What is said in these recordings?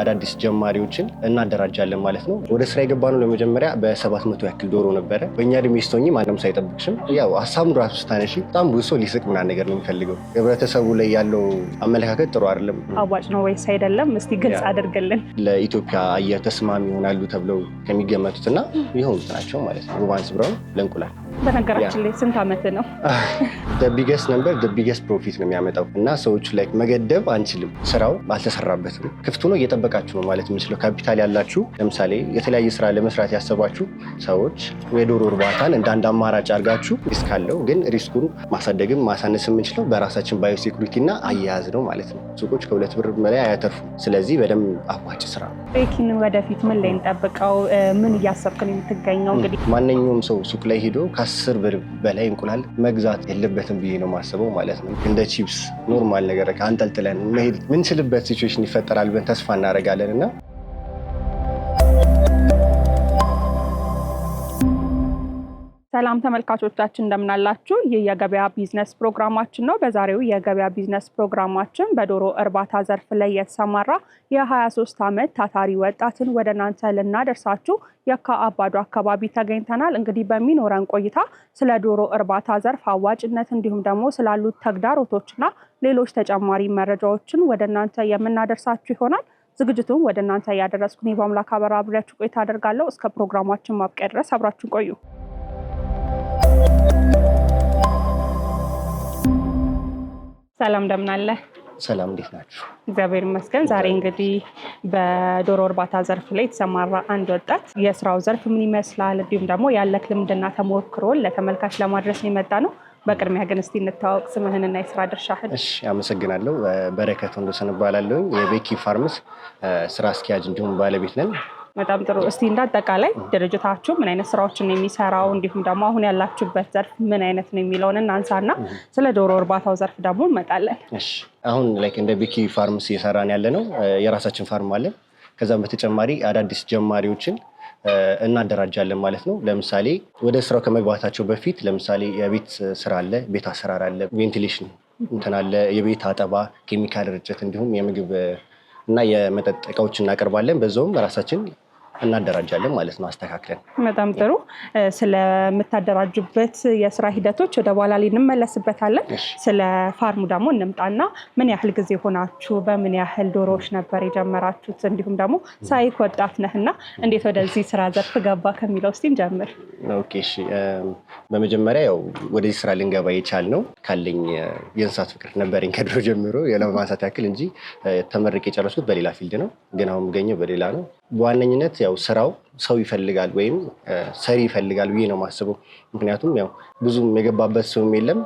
አዳዲስ ጀማሪዎችን እናደራጃለን ማለት ነው። ወደ ስራ ነው ለመጀመሪያ በሰባት መቶ ያክል ዶሮ ነበረ። በእኛ እድሜ ስቶኝ ማንም ሳይጠብቅሽም ያው ሀሳቡን ራሱ ስታነሺ በጣም ብዙ ሰው ሊስቅ ምናምን ነገር ነው የሚፈልገው። ህብረተሰቡ ላይ ያለው አመለካከት ጥሩ አይደለም። አዋጭ ነው ወይስ አይደለም? እስቲ ግልጽ አድርገልን። ለኢትዮጵያ አየር ተስማሚ ይሆናሉ ተብለው ከሚገመቱት እና የሆኑት ናቸው ማለት ነው። ሩባንስ ብራውን ለእንቁላል በነገራችን ላይ ስንት ዓመት ነው? ደቢገስ ነበር ደቢገስ ፕሮፊት ነው የሚያመጣው እና ሰዎቹ ላይ መገደብ አንችልም። ስራው አልተሰራበትም። ክፍት ሆኖ እየጠበቃችሁ ነው ማለት የምችለው ካፒታል ያላችሁ ለምሳሌ የተለያየ ስራ ለመስራት ያሰባችሁ ሰዎች የዶሮ እርባታን እንደ አንድ አማራጭ አድርጋችሁ ሪስክ አለው፣ ግን ሪስኩን ማሳደግም ማሳነስ የምንችለው በራሳችን ባዮሴኩሪቲ እና አያያዝ ነው ማለት ነው። ሱቆች ከሁለት ብር በላይ አያተርፉም። ስለዚህ በደንብ አዋጭ ስራ ነው። ወደፊት ምን ላይ እንጠብቀው? ምን እያሰብክን የምትገኘው? እንግዲህ ማንኛውም ሰው ሱቅ ላይ ሄዶ ከአስር ብር በላይ እንቁላል መግዛት የለበትም ብዬ ነው ማስበው ማለት ነው። እንደ ቺፕስ ኖርማል ነገር አንጠልጥለን መሄድ ምንችልበት ሲቹዌሽን ይፈጠራል ብን ተስፋ እናደርጋለን እና ሰላም ተመልካቾቻችን እንደምናላችሁ። ይህ የገበያ ቢዝነስ ፕሮግራማችን ነው። በዛሬው የገበያ ቢዝነስ ፕሮግራማችን በዶሮ እርባታ ዘርፍ ላይ የተሰማራ የ23 ዓመት ታታሪ ወጣትን ወደ እናንተ ልናደርሳችሁ የካ አባዶ አካባቢ ተገኝተናል። እንግዲህ በሚኖረን ቆይታ ስለ ዶሮ እርባታ ዘርፍ አዋጭነት እንዲሁም ደግሞ ስላሉት ተግዳሮቶችና ሌሎች ተጨማሪ መረጃዎችን ወደ እናንተ የምናደርሳችሁ ይሆናል። ዝግጅቱን ወደ እናንተ ያደረስኩን በአምላክ አበራ አብሬያችሁ ቆይታ አደርጋለሁ። እስከ ፕሮግራማችን ማብቂያ ድረስ አብራችሁን ቆዩ። ሰላም እንደምን አለ? ሰላም እንዴት ናችሁ? እግዚአብሔር ይመስገን። ዛሬ እንግዲህ በዶሮ እርባታ ዘርፍ ላይ የተሰማራ አንድ ወጣት የስራው ዘርፍ ምን ይመስላል፣ እንዲሁም ደግሞ ያለክ ልምድና ተሞክሮን ለተመልካች ለማድረስ የመጣ ነው። በቅድሚያ ግን እስቲ እንታወቅ፣ ስምህንና የስራ ድርሻህን። እሺ፣ አመሰግናለሁ። በረከት ወንዶሰን እባላለሁ። የቤኪ ፋርምስ ስራ አስኪያጅ እንዲሁም ባለቤት ነን። በጣም ጥሩ። እስቲ እንዳጠቃላይ ድርጅታችሁ ምን አይነት ስራዎችን ነው የሚሰራው፣ እንዲሁም ደግሞ አሁን ያላችሁበት ዘርፍ ምን አይነት ነው የሚለውን እናንሳና ስለ ዶሮ እርባታው ዘርፍ ደግሞ እንመጣለን። አሁን ላይክ እንደ ቢኪ ፋርምስ እየሰራን ያለ ነው። የራሳችን ፋርም አለን። ከዛም በተጨማሪ አዳዲስ ጀማሪዎችን እናደራጃለን ማለት ነው። ለምሳሌ ወደ ስራው ከመግባታቸው በፊት ለምሳሌ የቤት ስራ አለ፣ ቤት አሰራር አለ፣ ቬንቲሌሽን እንትን አለ፣ የቤት አጠባ፣ ኬሚካል ርጭት እንዲሁም የምግብ እና የመጠጥ እቃዎች እናቀርባለን። በዛውም ራሳችን እናደራጃለን ማለት ነው አስተካክለን። በጣም ጥሩ። ስለምታደራጁበት የስራ ሂደቶች ወደ በኋላ ላይ እንመለስበታለን። ስለ ፋርሙ ደግሞ እንምጣና ምን ያህል ጊዜ ሆናችሁ? በምን ያህል ዶሮዎች ነበር የጀመራችሁት? እንዲሁም ደግሞ ሳይክ ወጣት ነህና እንዴት ወደዚህ ስራ ዘርፍ ገባ ከሚለው እስኪ እንጀምር። በመጀመሪያ ያው ወደዚህ ስራ ልንገባ የቻልነው ካለኝ የእንስሳት ፍቅር ነበረኝ ከድሮ ጀምሮ ለማንሳት ያክል እንጂ ተመርቄ የጨረስኩት በሌላ ፊልድ ነው፣ ግን አሁን የምገኘው በሌላ ነው በዋነኝነት ያው ስራው ሰው ይፈልጋል ወይም ሰሪ ይፈልጋል ብዬ ነው የማስበው። ምክንያቱም ያው ብዙም የገባበት ሰውም የለም፣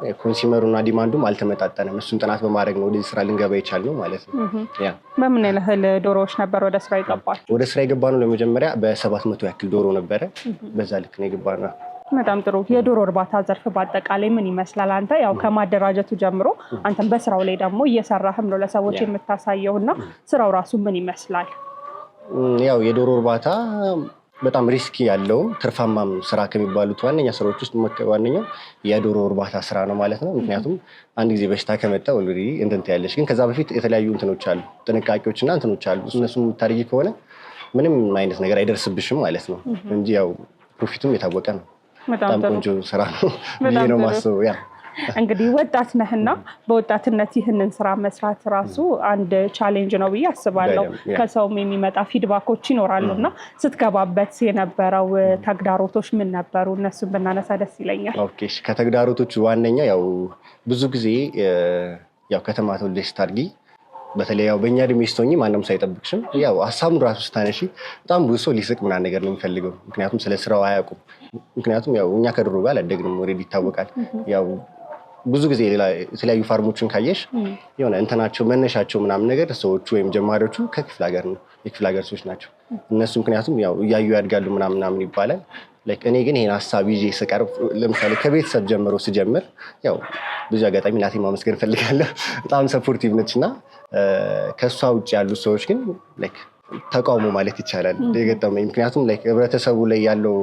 እና ዲማንዱም አልተመጣጠነም። እሱን ጥናት በማድረግ ነው ወደዚህ ስራ ልንገባ የቻልነው ማለት ነው። በምን ያህል ዶሮዎች ነበር ወደ ስራ ይገባል? ወደ ስራ የገባ ነው ለመጀመሪያ በሰባት መቶ ያክል ዶሮ ነበረ። በዛ ልክ ነው የገባ ነው። በጣም ጥሩ። የዶሮ እርባታ ዘርፍ በአጠቃላይ ምን ይመስላል? አንተ ያው ከማደራጀቱ ጀምሮ አንተም በስራው ላይ ደግሞ እየሰራህም ነው ለሰዎች የምታሳየው እና ስራው ራሱ ምን ይመስላል? ያው የዶሮ እርባታ በጣም ሪስኪ ያለው ትርፋማም ስራ ከሚባሉት ዋነኛ ስራዎች ውስጥ ዋነኛው የዶሮ እርባታ ስራ ነው ማለት ነው። ምክንያቱም አንድ ጊዜ በሽታ ከመጣ ኦልሬዲ እንትንት ያለች ግን ከዛ በፊት የተለያዩ እንትኖች አሉ፣ ጥንቃቄዎች እና እንትኖች አሉ። እነሱ የምታደርጊ ከሆነ ምንም አይነት ነገር አይደርስብሽም ማለት ነው እንጂ ያው ፕሮፊቱም የታወቀ ነው። በጣም ቆንጆ ስራ ነው ነው ማስበው ያ እንግዲህ ወጣት ነህና በወጣትነት ይህንን ስራ መስራት ራሱ አንድ ቻሌንጅ ነው ብዬ አስባለሁ። ከሰውም የሚመጣ ፊድባኮች ይኖራሉ እና ስትገባበት የነበረው ተግዳሮቶች ምን ነበሩ? እነሱን ብናነሳ ደስ ይለኛል። ከተግዳሮቶች ዋነኛ ያው ብዙ ጊዜ ያው ከተማ ተወልደ ስታድጊ በተለይ ያው በእኛ እድሜ ስትሆኚ ማንም ሰው አይጠብቅሽም። ያው ሀሳቡን ራሱ ስታነሺ በጣም ብዙ ሰው ሊስቅ ምናምን ነገር ነው የሚፈልገው። ምክንያቱም ስለ ስራው አያውቁም። ምክንያቱም ያው እኛ ከድሮ ጋር አላደግንም፣ ኦልሬዲ ይታወቃል። ያው ብዙ ጊዜ የተለያዩ ፋርሞችን ካየሽ የሆነ እንትናቸው መነሻቸው ምናምን ነገር ሰዎቹ ወይም ጀማሪዎቹ ከክፍለ ሀገር ነው የክፍለ ሀገር ሰዎች ናቸው እነሱ። ምክንያቱም ያው እያዩ ያድጋሉ ምናምን ምናምን ይባላል። እኔ ግን ይህን ሀሳብ ይዤ ስቀርብ ለምሳሌ ከቤተሰብ ጀምሮ ስጀምር ያው ብዙ አጋጣሚ እናቴ ማመስገን እፈልጋለሁ። በጣም ሰፖርቲቭ ነች እና ከእሷ ውጭ ያሉ ሰዎች ግን ተቃውሞ ማለት ይቻላል የገጠመኝ ምክንያቱም ህብረተሰቡ ላይ ያለው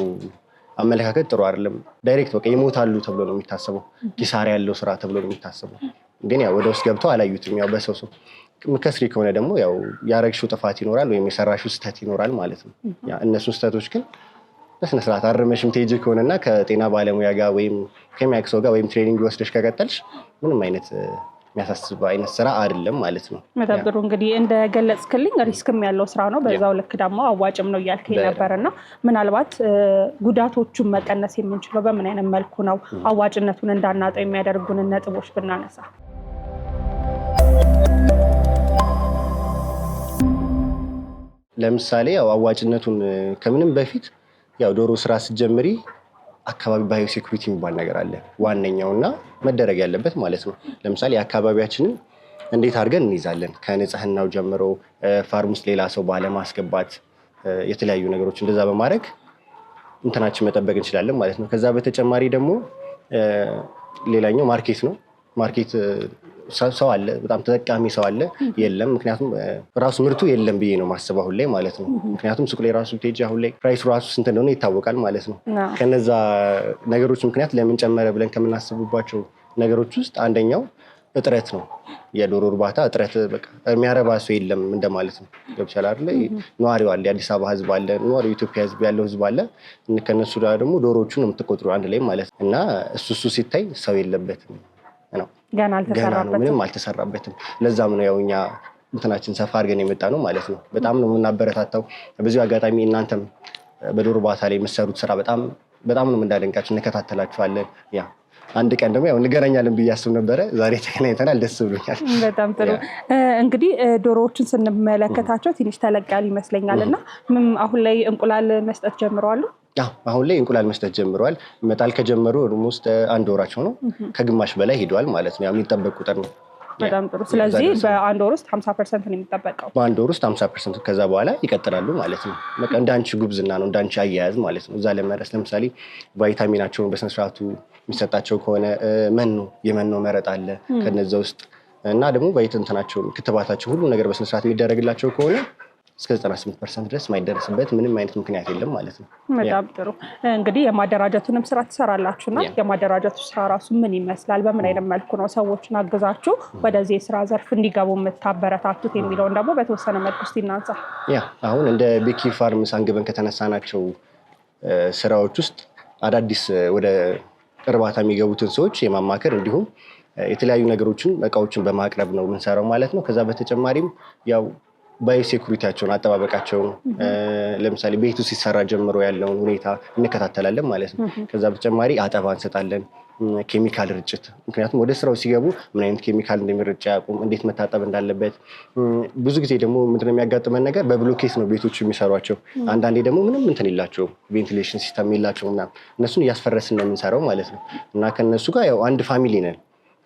አመለካከት ጥሩ አይደለም። ዳይሬክት በቃ ይሞታሉ ተብሎ ነው የሚታሰበው፣ ኪሳራ ያለው ስራ ተብሎ ነው የሚታሰበው። ግን ያው ወደ ውስጥ ገብተው አላዩትም። ያው በሰው ሰው ምከስሪ ከሆነ ደግሞ ያው ያረግሽው ጥፋት ይኖራል ወይም የሰራሽው ስህተት ይኖራል ማለት ነው። እነሱን ስህተቶች ግን በስነስርዓት አርመሽም ቴጅ ከሆነና ከጤና ባለሙያ ጋር ወይም ከሚያክሰው ጋር ወይም ትሬኒንግ ወስደሽ ከቀጠልሽ ምንም አይነት የሚያሳስብ አይነት ስራ አይደለም ማለት ነው። መደብሩ እንግዲህ እንደገለጽክልኝ ሪስክም ያለው ስራ ነው፣ በዛው ልክ ደግሞ አዋጭም ነው እያልክ ነበር እና ምናልባት ጉዳቶቹን መቀነስ የምንችለው በምን አይነት መልኩ ነው? አዋጭነቱን እንዳናጠው የሚያደርጉን ነጥቦች ብናነሳ ለምሳሌ ያው አዋጭነቱን ከምንም በፊት ያው ዶሮ ስራ ስትጀምሪ አካባቢ ባዮ ሴኩሪቲ የሚባል ነገር አለ። ዋነኛውና መደረግ ያለበት ማለት ነው። ለምሳሌ አካባቢያችንን እንዴት አድርገን እንይዛለን? ከንጽህናው ጀምሮ ፋርም ውስጥ ሌላ ሰው ባለማስገባት የተለያዩ ነገሮች እንደዛ በማድረግ እንትናችን መጠበቅ እንችላለን ማለት ነው። ከዛ በተጨማሪ ደግሞ ሌላኛው ማርኬት ነው። ማርኬት ሰው አለ፣ በጣም ተጠቃሚ ሰው አለ የለም። ምክንያቱም ራሱ ምርቱ የለም ብዬ ነው ማስበው አሁን ላይ ማለት ነው። ምክንያቱም ሱቅ ላይ ራሱ ቴጅ አሁን ላይ ፕራይሱ ራሱ ስንት እንደሆነ ይታወቃል ማለት ነው። ከነዛ ነገሮች ምክንያት ለምን ጨመረ ብለን ከምናስብባቸው ነገሮች ውስጥ አንደኛው እጥረት ነው። የዶሮ እርባታ እጥረት በቃ የሚያረባ ሰው የለም እንደማለት ነው። ገብቻል አለ ነዋሪው አለ፣ የአዲስ አበባ ህዝብ አለ፣ ነዋሪ ኢትዮጵያ ህዝብ ያለው ህዝብ አለ። ከነሱ ደግሞ ዶሮዎቹን የምትቆጥሩ አንድ ላይ ማለት እና እሱ እሱ ሲታይ ሰው የለበትም። ገና ምንም አልተሰራበትም። ለዛም ነው ያው እኛ እንትናችን ሰፋ አድርገን የመጣ ነው ማለት ነው። በጣም ነው የምናበረታታው። በዚሁ አጋጣሚ እናንተም በዶሮ እርባታ ላይ የምትሰሩት ስራ በጣም በጣም ነው እንዳደንቃችሁ እንከታተላችኋለን። ያ አንድ ቀን ደግሞ ያው እንገናኛለን ብዬ አስብ ነበረ። ዛሬ ተገናኝተናል፣ ደስ ብሎኛል። በጣም ጥሩ። እንግዲህ ዶሮዎችን ስንመለከታቸው ትንሽ ተለቅ ያሉ ይመስለኛል እና አሁን ላይ እንቁላል መስጠት ጀምረዋሉ? አሁን ላይ እንቁላል መስጠት ጀምረዋል። መጣል ከጀመሩ ውስጥ አንድ ወራቸው ነው፣ ከግማሽ በላይ ሄደዋል ማለት ነው። የሚጠበቅ ቁጥር ነው። በጣም ጥሩ። ስለዚህ በአንድ ወር ውስጥ ሀምሳ ፐርሰንት ነው የሚጠበቀው። በአንድ ወር ውስጥ ሀምሳ ፐርሰንት ከዛ በኋላ ይቀጥላሉ ማለት ነው። በቃ እንዳንቺ ጉብዝና ነው እንዳንቺ አያያዝ ማለት ነው። እዛ ለመረስ ለምሳሌ ቫይታሚናቸውን በስነስርዓቱ የሚሰጣቸው ከሆነ መኖ የመኖ መረጥ አለ ከነዚ ውስጥ እና ደግሞ ቫይትንትናቸው ክትባታቸው ሁሉ ነገር በስነስርዓት የሚደረግላቸው ከሆነ እስከ 98 ፐርሰንት ድረስ ማይደረስበት ምንም አይነት ምክንያት የለም ማለት ነው። በጣም ጥሩ እንግዲህ የማደራጀቱንም ስራ ትሰራላችሁና የማደራጀቱ ስራ ራሱ ምን ይመስላል? በምን አይነት መልኩ ነው ሰዎችን አግዛችሁ ወደዚህ የስራ ዘርፍ እንዲገቡ የምታበረታቱት የሚለውን ደግሞ በተወሰነ መልኩ ውስጥ ይናንሳ። ያ አሁን እንደ ቤኪ ፋርምስ አንግበን ከተነሳናቸው ስራዎች ውስጥ አዳዲስ ወደ እርባታ የሚገቡትን ሰዎች የማማከር እንዲሁም የተለያዩ ነገሮችን እቃዎችን በማቅረብ ነው የምንሰራው ማለት ነው። ከዛ በተጨማሪም ያው ሴኩሪቲያቸውን አጠባበቃቸውን ለምሳሌ ቤቱ ሲሰራ ጀምሮ ያለውን ሁኔታ እንከታተላለን ማለት ነው። ከዛ በተጨማሪ አጠባ እንሰጣለን። ኬሚካል ርጭት፣ ምክንያቱም ወደ ስራው ሲገቡ ምን አይነት ኬሚካል እንደሚረጭ አያውቁም፣ እንዴት መታጠብ እንዳለበት። ብዙ ጊዜ ደግሞ ምንድነው የሚያጋጥመን ነገር በብሎኬት ነው ቤቶቹ የሚሰሯቸው። አንዳንዴ ደግሞ ምንም እንትን የላቸውም፣ ቬንቲሌሽን ሲስተም የላቸውም። እነሱን እያስፈረስን ነው የምንሰራው ማለት ነው እና ከነሱ ጋር ያው አንድ ፋሚሊ ነን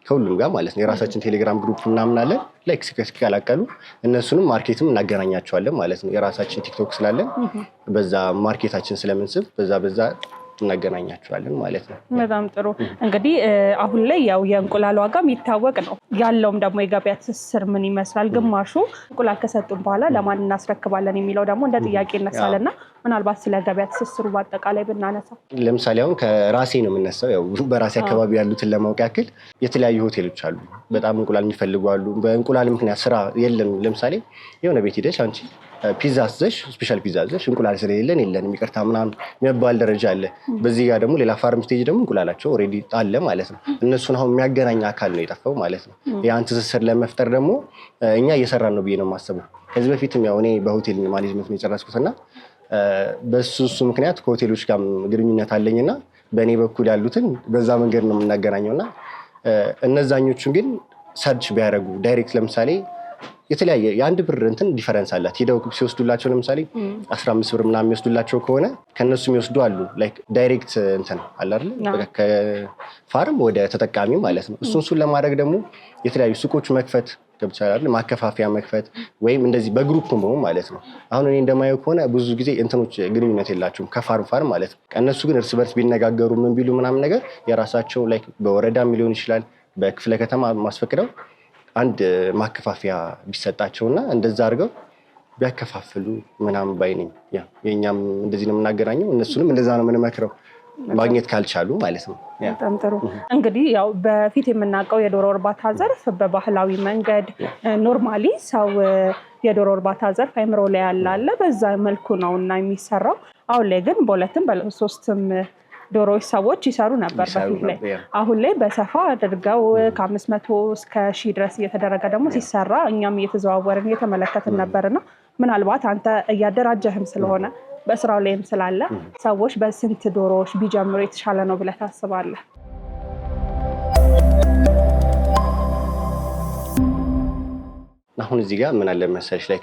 ከሁሉም ጋር ማለት ነው። የራሳችን ቴሌግራም ግሩፕ እናምናለን። ላይክ ሲቀላቀሉ እነሱንም ማርኬትም እናገናኛቸዋለን ማለት ነው። የራሳችን ቲክቶክ ስላለን በዛ ማርኬታችን ስለምንስብ በዛ በዛ እናገናኛቸዋለን ማለት ነው። በጣም ጥሩ እንግዲህ አሁን ላይ ያው የእንቁላል ዋጋ የሚታወቅ ነው። ያለውም ደግሞ የገበያ ትስስር ምን ይመስላል? ግማሹ እንቁላል ከሰጡን በኋላ ለማን እናስረክባለን የሚለው ደግሞ እንደ ጥያቄ ይነሳልና ምናልባት ስለ ገበያ ትስስሩ በአጠቃላይ ብናነሳ ለምሳሌ አሁን ከራሴ ነው የምነሳው። ያው በራሴ አካባቢ ያሉትን ለማወቅ ያክል የተለያዩ ሆቴሎች አሉ። በጣም እንቁላል የሚፈልጉ አሉ። በእንቁላል ምክንያት ስራ የለም። ለምሳሌ የሆነ ቤት ሂደሽ አንቺ ፒዛ አዘሽ ስፔሻል ፒዛ አዘሽ እንቁላል ስለሌለን የለንም ይቅርታ ምናምን የሚባል ደረጃ አለ። በዚህ ጋር ደግሞ ሌላ ፋርም ስቴጅ ደግሞ እንቁላላቸው ኦልሬዲ አለ ማለት ነው። እነሱን አሁን የሚያገናኝ አካል ነው የጠፋው ማለት ነው። ያን ትስስር ለመፍጠር ደግሞ እኛ እየሰራን ነው ብዬ ነው የማስበው። ከዚህ በፊትም ያው እኔ በሆቴል ማኔጅመንት ነው ና በሱ እሱ ምክንያት ከሆቴሎች ጋር ግንኙነት አለኝና በእኔ በኩል ያሉትን በዛ መንገድ ነው የምናገናኘው እና እነዛኞቹን ግን ሰርች ቢያደረጉ ዳይሬክት ለምሳሌ የተለያየ የአንድ ብር እንትን ዲፈረንስ አላት። ሄደው ሲወስዱላቸው ለምሳሌ አስራ አምስት ብር ምናምን የሚወስዱላቸው ከሆነ ከእነሱ የሚወስዱ አሉ። ዳይሬክት እንትን አለ አይደለ ከፋርም ወደ ተጠቃሚ ማለት ነው። እሱን እሱን ለማድረግ ደግሞ የተለያዩ ሱቆች መክፈት ገብቻላል ማከፋፈያ መክፈት ወይም እንደዚህ በግሩፕ መሆን ማለት ነው። አሁን እኔ እንደማየው ከሆነ ብዙ ጊዜ እንትኖች ግንኙነት የላቸውም ከፋርም ፋርም ማለት ነው። እነሱ ግን እርስ በርስ ቢነጋገሩ ምን ቢሉ ምናምን ነገር የራሳቸው ላይ በወረዳም ሊሆን ይችላል በክፍለ ከተማ ማስፈቅደው አንድ ማከፋፈያ እና እንደዛ አድርገው ቢያከፋፍሉ ምናምን ባይነኝ ነኝ። የእኛም እንደዚህ ነው የምናገናኘው፣ እነሱንም እንደዛ ነው የምንመክረው ማግኘት ካልቻሉ ማለት ነው። በጣም ጥሩ እንግዲህ ያው በፊት የምናውቀው የዶሮ እርባታ ዘርፍ በባህላዊ መንገድ ኖርማሊ ሰው የዶሮ እርባታ ዘርፍ አይምሮ ላይ ያላለ በዛ መልኩ ነው እና የሚሰራው። አሁን ላይ ግን በሁለትም በሶስትም ዶሮዎች ሰዎች ይሰሩ ነበር በፊት ላይ። አሁን ላይ በሰፋ አድርገው ከአምስት መቶ እስከ ሺህ ድረስ እየተደረገ ደግሞ ሲሰራ እኛም እየተዘዋወርን እየተመለከትን ነበር ነበርና ምናልባት አንተ እያደራጀህም ስለሆነ በስራው ላይም ስላለ ሰዎች በስንት ዶሮዎች ቢጀምሩ የተሻለ ነው ብለህ ታስባለህ? አሁን እዚህ ጋር ምን አለ መሰለሽ ላይ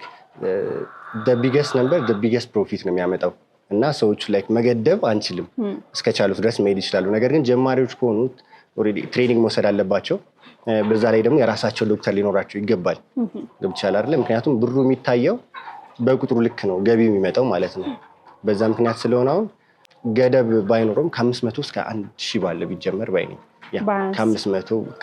ቢገስ ነበር ቢገስ ፕሮፊት ነው የሚያመጣው እና ሰዎች ላይ መገደብ አንችልም። እስከቻሉት ድረስ መሄድ ይችላሉ። ነገር ግን ጀማሪዎች ከሆኑት ትሬኒንግ መውሰድ አለባቸው። በዛ ላይ ደግሞ የራሳቸው ዶክተር ሊኖራቸው ይገባል። ገብቻል አለ ምክንያቱም ብሩ የሚታየው በቁጥሩ ልክ ነው ገቢ የሚመጣው ማለት ነው። በዛ ምክንያት ስለሆነ አሁን ገደብ ባይኖረም ከአምስት መቶ እስከ አንድ ሺህ ባለ ቢጀመር ባይ ነኝ።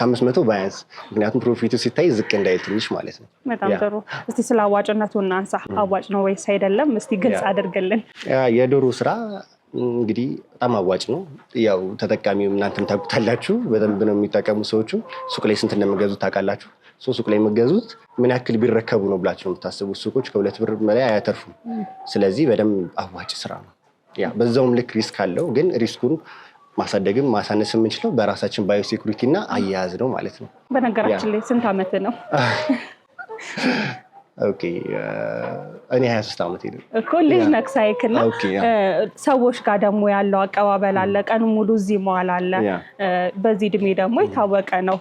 ከአምስት መቶ ባያንስ ምክንያቱም ፕሮፊቱ ሲታይ ዝቅ እንዳይል ትንሽ ማለት ነው። በጣም ጥሩ። እስቲ ስለ አዋጭነቱ እናንሳ። አዋጭ ነው ወይስ አይደለም? እስቲ ግልጽ አድርግልን። የዶሮ ስራ እንግዲህ በጣም አዋጭ ነው። ያው ተጠቃሚው እናንተም ታውቁታላችሁ፣ በደንብ ነው የሚጠቀሙ ሰዎቹ። ሱቅ ላይ ስንት እንደምገዙት ታውቃላችሁ። ሶ ሱቅ ላይ የምገዙት ምን ያክል ቢረከቡ ነው ብላችሁ ነው የምታስቡት። ሱቆች ከሁለት ብር በላይ አያተርፉም። ስለዚህ በደንብ አዋጭ ስራ ነው። በዛውም ልክ ሪስክ አለው፣ ግን ሪስኩን ማሳደግም ማሳነስ የምንችለው በራሳችን ባዮሴኩሪቲ እና አያያዝ ነው ማለት ነው። በነገራችን ላይ ስንት ዓመት ነው? እኔ 23 ዓመት ሄዱ እኮ ልጅ ነክሳይክ እና ሰዎች ጋር ደግሞ ያለው አቀባበል አለ። ቀኑ ሙሉ እዚህ መዋል አለ። በዚህ እድሜ ደግሞ የታወቀ ነው።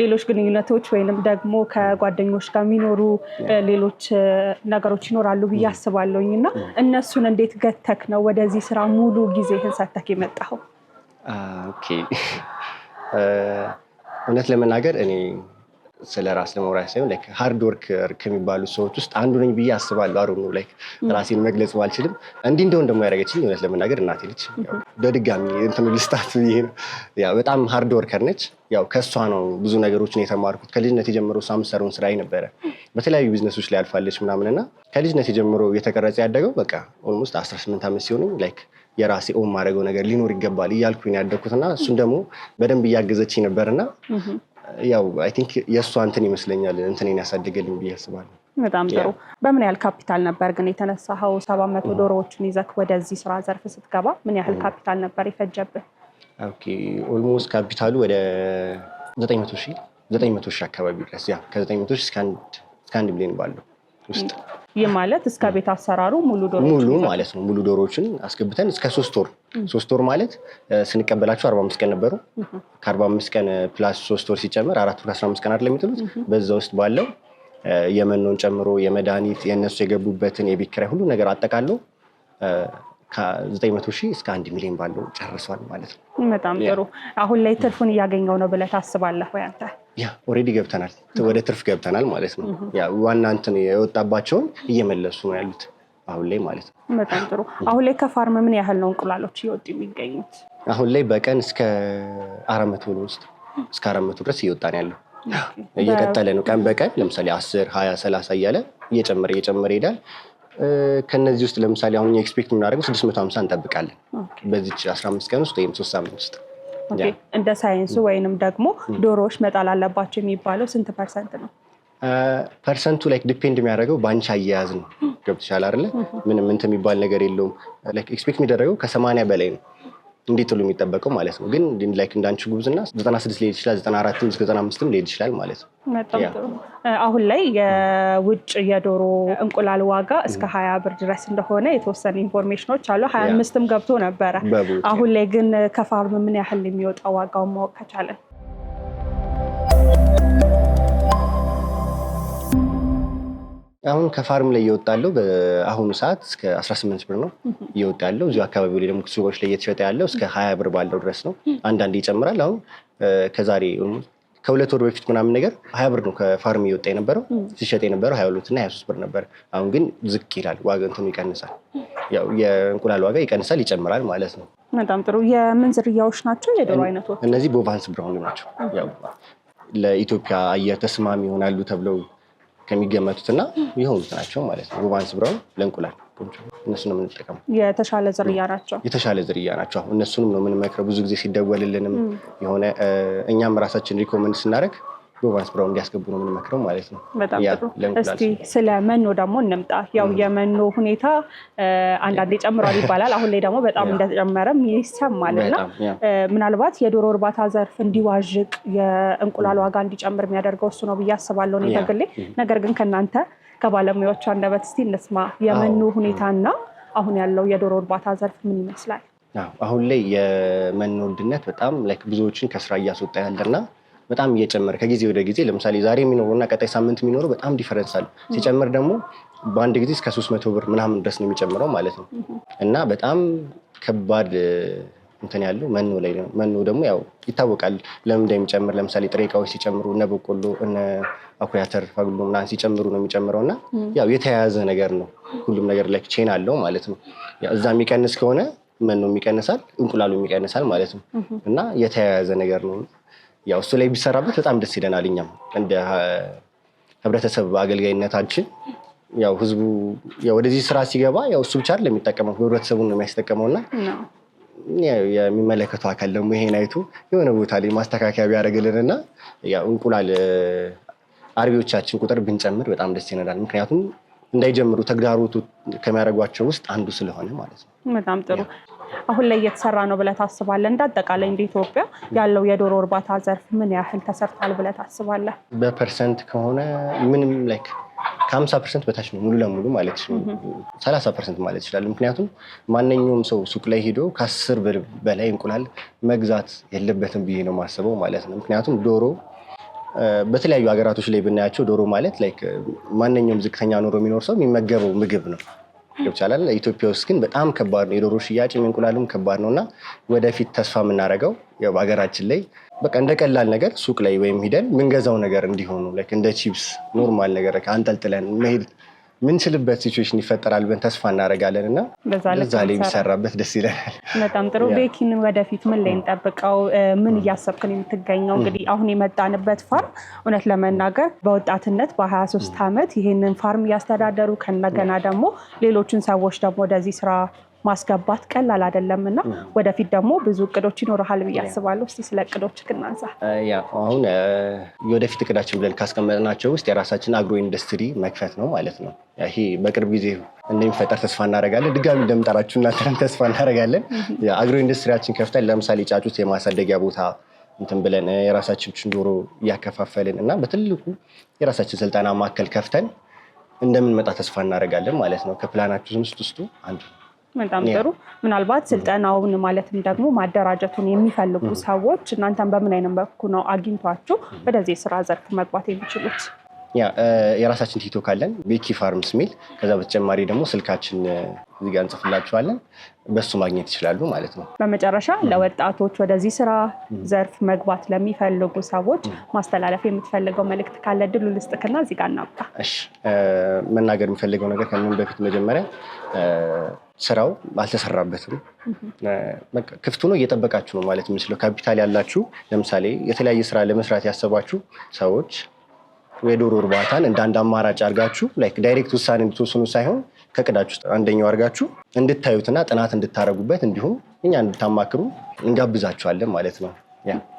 ሌሎች ግንኙነቶች ወይንም ደግሞ ከጓደኞች ጋር የሚኖሩ ሌሎች ነገሮች ይኖራሉ ብዬ አስባለሁኝ እና እነሱን እንዴት ገተክ ነው ወደዚህ ስራ ሙሉ ጊዜህን ሰተክ የመጣኸው? እውነት ለመናገር እኔ ስለ ራስ ለመውራት ሳይሆን ላይክ ሃርድ ወርክ ከሚባሉት ሰዎች ውስጥ አንዱ ነኝ ብዬ አስባለሁ። አሩ ነው ላይክ ራሴን መግለጽ ባልችልም እንዲህ እንደሆን ደግሞ ያደረገችኝ እውነት ለመናገር እናቴ ነች። በድጋሚ እንትን ልስታት ብዬ ያው በጣም ሃርድ ወርከር ነች። ያው ከእሷ ነው ብዙ ነገሮችን የተማርኩት። ከልጅነት የጀምሮ እሷ የምትሰራውን ስራ ነበረ። በተለያዩ ቢዝነሶች ላይ አልፋለች ምናምን እና ከልጅነት የጀምሮ እየተቀረጸ ያደገው በቃ ኦልሞስት 18 ዓመት ሲሆነኝ ላይክ የራሴ ኦን ማድረገው ነገር ሊኖር ይገባል እያልኩኝ እና እሱን ደግሞ በደንብ እያገዘች ነበርና ያው አይ ቲንክ የእሷ እንትን ይመስለኛል እንትኔን ያሳደገልኝ ብዬ አስባለሁ። በጣም ጥሩ። በምን ያህል ካፒታል ነበር ግን የተነሳኸው? ሰባት መቶ ዶሮዎችን ይዘክ ወደዚህ ስራ ዘርፍ ስትገባ ምን ያህል ካፒታል ነበር የፈጀብህ? ኦልሞስት ካፒታሉ ወደ ዘጠኝ መቶ ሺህ አካባቢ ድረስ ያ ከዘጠኝ መቶ ሺህ እስከ አንድ ሚሊዮን ባለው ውስጥ ይህ ማለት እስከ ቤት አሰራሩ ሙሉ ዶሮ ሙሉ ማለት ነው። ሙሉ ዶሮዎችን አስገብተን እስከ ሶስት ወር ሶስት ወር ማለት ስንቀበላቸው አርባ አምስት ቀን ነበሩ። ከአርባ አምስት ቀን ፕላስ ሶስት ወር ሲጨመር አራት ወር ከአስራ አምስት ቀን አይደለም የሚጥሉት። በዛ ውስጥ ባለው የመኖን ጨምሮ የመድኃኒት የእነሱ የገቡበትን የቤት ኪራይ ሁሉ ነገር አጠቃሎ ከዘጠኝ መቶ ሺህ እስከ አንድ ሚሊዮን ባለው ጨርሷል ማለት ነው። በጣም ጥሩ። አሁን ላይ ትርፉን እያገኘው ነው ብለህ ታስባለህ ወይ አንተ? ያ ኦልሬዲ ገብተናል፣ ወደ ትርፍ ገብተናል ማለት ነው። ያ ዋና እንትን የወጣባቸውን እየመለሱ ነው ያሉት አሁን ላይ ማለት ነው። በጣም ጥሩ። አሁን ላይ ከፋርም ምን ያህል ነው እንቁላሎች እየወጡ የሚገኙት? አሁን ላይ በቀን እስከ አራት መቶ ነው ውስጥ እስከ አራት መቶ ድረስ እየወጣ ነው ያለው። እየቀጠለ ነው ቀን በቀን ለምሳሌ አስር ሀያ ሰላሳ እያለ እየጨመረ እየጨመረ ይሄዳል። ከነዚህ ውስጥ ለምሳሌ አሁን ኤክስፔክት የምናደርገው ስድስት መቶ ሀምሳ እንጠብቃለን በዚች አስራ አምስት ቀን ውስጥ ወይም ሶስት ሳምንት ውስጥ እንደ ሳይንሱ ወይንም ደግሞ ዶሮዎች መጣል አለባቸው የሚባለው ስንት ፐርሰንት ነው? ፐርሰንቱ ላይክ ዲፔንድ የሚያደርገው በአንቺ አያያዝ ነው። ገብትሻል አይደለ? ምንም እንትን የሚባል ነገር የለውም። ኤክስፔክት የሚደረገው ከሰማንያ በላይ ነው። እንዴት ቶሎ የሚጠበቀው ማለት ነው። ግን ላይክ እንዳንቺ ጉብዝና ዘጠና ስድስት ሊሄድ ይችላል ዘጠና አራትም እስከ ዘጠና አምስትም ሊሄድ ይችላል ማለት ነው። በጣም ጥሩ። አሁን ላይ የውጭ የዶሮ እንቁላል ዋጋ እስከ ሀያ ብር ድረስ እንደሆነ የተወሰነ ኢንፎርሜሽኖች አሉ። ሀያ አምስትም ገብቶ ነበረ። አሁን ላይ ግን ከፋርም ምን ያህል የሚወጣ ዋጋውን ማወቅ ከቻለን አሁን ከፋርም ላይ እየወጣ ያለው በአሁኑ ሰዓት እስከ 18 ብር ነው እየወጣ ያለው። እዚሁ አካባቢ ላይ ደግሞ ሱቆች ላይ እየተሸጠ ያለው እስከ 20 ብር ባለው ድረስ ነው። አንዳንድ ይጨምራል። አሁን ከዛሬ ከሁለት ወር በፊት ምናምን ነገር ሀያ ብር ነው ከፋርም እየወጣ የነበረው። ሲሸጥ የነበረው ሀያ ሁለት እና ሀያ ሶስት ብር ነበር። አሁን ግን ዝቅ ይላል ዋጋ እንትኑ ይቀንሳል። ያው የእንቁላል ዋጋ ይቀንሳል ይጨምራል ማለት ነው። በጣም ጥሩ። የምን ዝርያዎች ናቸው የዶሮ አይነቶች? እነዚህ ቦቫንስ ብራውን ናቸው። ያው ለኢትዮጵያ አየር ተስማሚ ይሆናሉ ተብለው ከሚገመቱት እና የሆኑት ናቸው ማለት ነው። ሮባንስ ብራውን ለእንቁላል እነሱ ነው የምንጠቀመው። የተሻለ ዝርያ ናቸው። የተሻለ ዝርያ ናቸው። እነሱንም ነው የምንመክረው ብዙ ጊዜ ሲደወልልንም የሆነ እኛም ራሳችን ሪኮመንድ ስናደርግ ዶቫንስ ብራውን እንዲያስገቡ ነው የምንመክረው ማለት ነው። በጣም ጥሩ። እስቲ ስለ መኖ ደግሞ እንምጣ። ያው የመኖ ሁኔታ አንዳንዴ ጨምሯል ይባላል። አሁን ላይ ደግሞ በጣም እንደተጨመረም ይሰማል እና ምናልባት የዶሮ እርባታ ዘርፍ እንዲዋዥቅ የእንቁላል ዋጋ እንዲጨምር የሚያደርገው እሱ ነው ብዬ አስባለሁ እኔ በግሌ። ነገር ግን ከእናንተ ከባለሙያዎቹ አንደበት እስቲ እንስማ የመኖ ሁኔታና አሁን ያለው የዶሮ እርባታ ዘርፍ ምን ይመስላል? አሁን ላይ የመኖ ውድነት በጣም ብዙዎችን ከስራ እያስወጣ ያለና በጣም እየጨመረ ከጊዜ ወደ ጊዜ ለምሳሌ ዛሬ የሚኖሩና ቀጣይ ሳምንት የሚኖረው በጣም ዲፈረንስ አለ። ሲጨምር ደግሞ በአንድ ጊዜ እስከ ሶስት መቶ ብር ምናምን ድረስ ነው የሚጨምረው ማለት ነው እና በጣም ከባድ እንትን ያለው መኖ ላይ ነው። መኖ ደግሞ ያው ይታወቃል ለምን እንደሚጨምር ለምሳሌ ጥሬ እቃዎች ሲጨምሩ እነ በቆሎ እነ አኩሪ አተር አግሎ ምናምን ሲጨምሩ ነው የሚጨምረው እና ያው የተያያዘ ነገር ነው። ሁሉም ነገር ላይ ቼን አለው ማለት ነው። እዛ የሚቀንስ ከሆነ መኖም ይቀንሳል፣ እንቁላሉም ይቀንሳል ማለት ነው እና የተያያዘ ነገር ነው። ያው እሱ ላይ ቢሰራበት በጣም ደስ ይለናል። እኛም እንደ ህብረተሰብ አገልጋይነታችን ያው ህዝቡ ወደዚህ ስራ ሲገባ ያው እሱ ብቻ አይደለም የሚጠቀመው ህብረተሰቡን ነው የሚያስጠቀመው እና የሚመለከቱ አካል ደግሞ ይሄን አይቶ የሆነ ቦታ ላይ ማስተካከያ ቢያደርግልን እና እንቁላል አርቢዎቻችን ቁጥር ብንጨምር በጣም ደስ ይለናል። ምክንያቱም እንዳይጀምሩ ተግዳሮቱ ከሚያደርጓቸው ውስጥ አንዱ ስለሆነ ማለት ነው። በጣም ጥሩ አሁን ላይ እየተሰራ ነው ብለህ ታስባለህ? እንደ አጠቃላይ እንደ ኢትዮጵያ ያለው የዶሮ እርባታ ዘርፍ ምን ያህል ተሰርቷል ብለህ ታስባለህ? በፐርሰንት ከሆነ ምንም ላይክ ከሀምሳ ፐርሰንት በታች ነው ሙሉ ለሙሉ ማለት ሰላሳ ፐርሰንት ማለት ይችላል። ምክንያቱም ማንኛውም ሰው ሱቅ ላይ ሄዶ ከአስር ብር በላይ እንቁላል መግዛት የለበትም ብዬ ነው የማስበው ማለት ነው። ምክንያቱም ዶሮ በተለያዩ ሀገራቶች ላይ ብናያቸው ዶሮ ማለት ላይክ ማንኛውም ዝቅተኛ ኑሮ የሚኖር ሰው የሚመገበው ምግብ ነው። ይቻላል። ኢትዮጵያ ውስጥ ግን በጣም ከባድ ነው። የዶሮ ሽያጭ የእንቁላሉም ከባድ ነው እና ወደፊት ተስፋ የምናደርገው በሀገራችን ላይ በቃ እንደ ቀላል ነገር ሱቅ ላይ ወይም ሂደን ምንገዛው ነገር እንዲሆኑ እንደ ቺፕስ ኖርማል ነገር አንጠልጥለን መሄድ ምንችልበት ሲቹዌሽን ይፈጠራል ብን ተስፋ እናደርጋለን እና በዛ ላይ የሚሰራበት ደስ ይለናል። በጣም ጥሩ ቤኪን ወደፊት ምን ላይ እንጠብቀው? ምን እያሰብክን የምትገኘው? እንግዲህ አሁን የመጣንበት ፋርም እውነት ለመናገር በወጣትነት በ23 ዓመት ይህንን ፋርም እያስተዳደሩ ከነገና ደግሞ ሌሎችን ሰዎች ደግሞ ወደዚህ ስራ ማስገባት ቀላል አይደለም እና ወደፊት ደግሞ ብዙ እቅዶች ይኖረሃል ብዬ አስባለሁ። እስኪ ስለ እቅዶች እናንሳ። አሁን የወደፊት እቅዳችን ብለን ካስቀመጥናቸው ውስጥ የራሳችን አግሮ ኢንዱስትሪ መክፈት ነው ማለት ነው። ይሄ በቅርብ ጊዜ እንደሚፈጠር ተስፋ እናደርጋለን። ድጋሚ እንደምጠራችሁ እናንተንም ተስፋ እናደርጋለን። አግሮ ኢንዱስትሪያችን ከፍተን ለምሳሌ ጫጩት የማሳደጊያ ቦታ እንትን ብለን የራሳችን ዶሮ እያከፋፈልን እና በትልቁ የራሳችን ስልጠና ማዕከል ከፍተን እንደምንመጣ ተስፋ እናደርጋለን ማለት ነው። ከፕላናችሁ ውስጥ ውስጡ አንዱ በጣም ጥሩ። ምናልባት ስልጠናውን ማለትም ደግሞ ማደራጀቱን የሚፈልጉ ሰዎች እናንተን በምን አይነት መልኩ ነው አግኝቷችሁ ወደዚህ የስራ ዘርፍ መግባት የሚችሉት? የራሳችን ቲክቶክ አለን ቤኪ ፋርምስ ሚል። ከዛ በተጨማሪ ደግሞ ስልካችን እዚህ ጋር እንጽፍላችኋለን። በሱ ማግኘት ይችላሉ ማለት ነው። በመጨረሻ ለወጣቶች ወደዚህ ስራ ዘርፍ መግባት ለሚፈልጉ ሰዎች ማስተላለፍ የምትፈልገው መልእክት ካለ ድሉ ልስጥክና እዚህ ጋር እናብቃ። መናገር የሚፈልገው ነገር ከምን በፊት መጀመሪያ ስራው አልተሰራበትም። ክፍት ሆኖ እየጠበቃችሁ ነው ማለት የምችለው ካፒታል ያላችሁ ለምሳሌ የተለያየ ስራ ለመስራት ያሰባችሁ ሰዎች የዶሮ እርባታን እንደ አንድ አማራጭ አድርጋችሁ ላይክ ዳይሬክት ውሳኔ እንድትወስኑ ሳይሆን ከቅዳችሁ ውስጥ አንደኛው አድርጋችሁ እንድታዩትና ጥናት እንድታረጉበት እንዲሁም እኛ እንድታማክሩ እንጋብዛችኋለን ማለት ነው።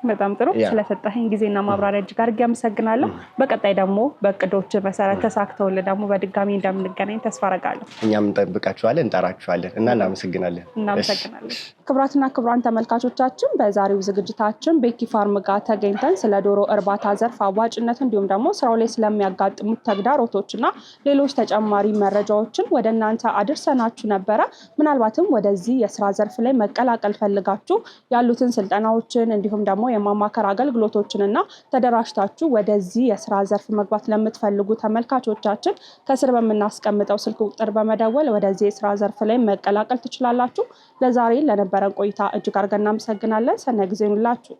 በጣም ጥሩ ስለሰጠኸኝ ጊዜና ማብራሪያ እጅግ አድርጌ አመሰግናለሁ። በቀጣይ ደግሞ በእቅዶች መሰረት ተሳክተውልን ደግሞ በድጋሚ እንደምንገናኝ ተስፋ አደርጋለሁ። እኛም እንጠብቃችኋለን፣ እንጠራችኋለን እና እናመሰግናለን እናመሰግናለን። ክብራትና ክብራን ተመልካቾቻችን በዛሬው ዝግጅታችን ቤኪ ፋርም ጋር ተገኝተን ስለ ዶሮ እርባታ ዘርፍ አዋጭነት እንዲሁም ደግሞ ስራው ላይ ስለሚያጋጥሙት ተግዳሮቶች እና ሌሎች ተጨማሪ መረጃዎችን ወደ እናንተ አድርሰናችሁ ነበረ። ምናልባትም ወደዚህ የስራ ዘርፍ ላይ መቀላቀል ፈልጋችሁ ያሉትን ስልጠናዎችን እንዲሁም ደግሞ የማማከር አገልግሎቶችን እና ተደራጅታችሁ ወደዚህ የስራ ዘርፍ መግባት ለምትፈልጉ ተመልካቾቻችን ከስር በምናስቀምጠው ስልክ ቁጥር በመደወል ወደዚህ የስራ ዘርፍ ላይ መቀላቀል ትችላላችሁ። ለዛሬ ለነበ ለነበረን ቆይታ እጅግ አድርገን እናመሰግናለን። ሰነ ጊዜ ኑላችሁ።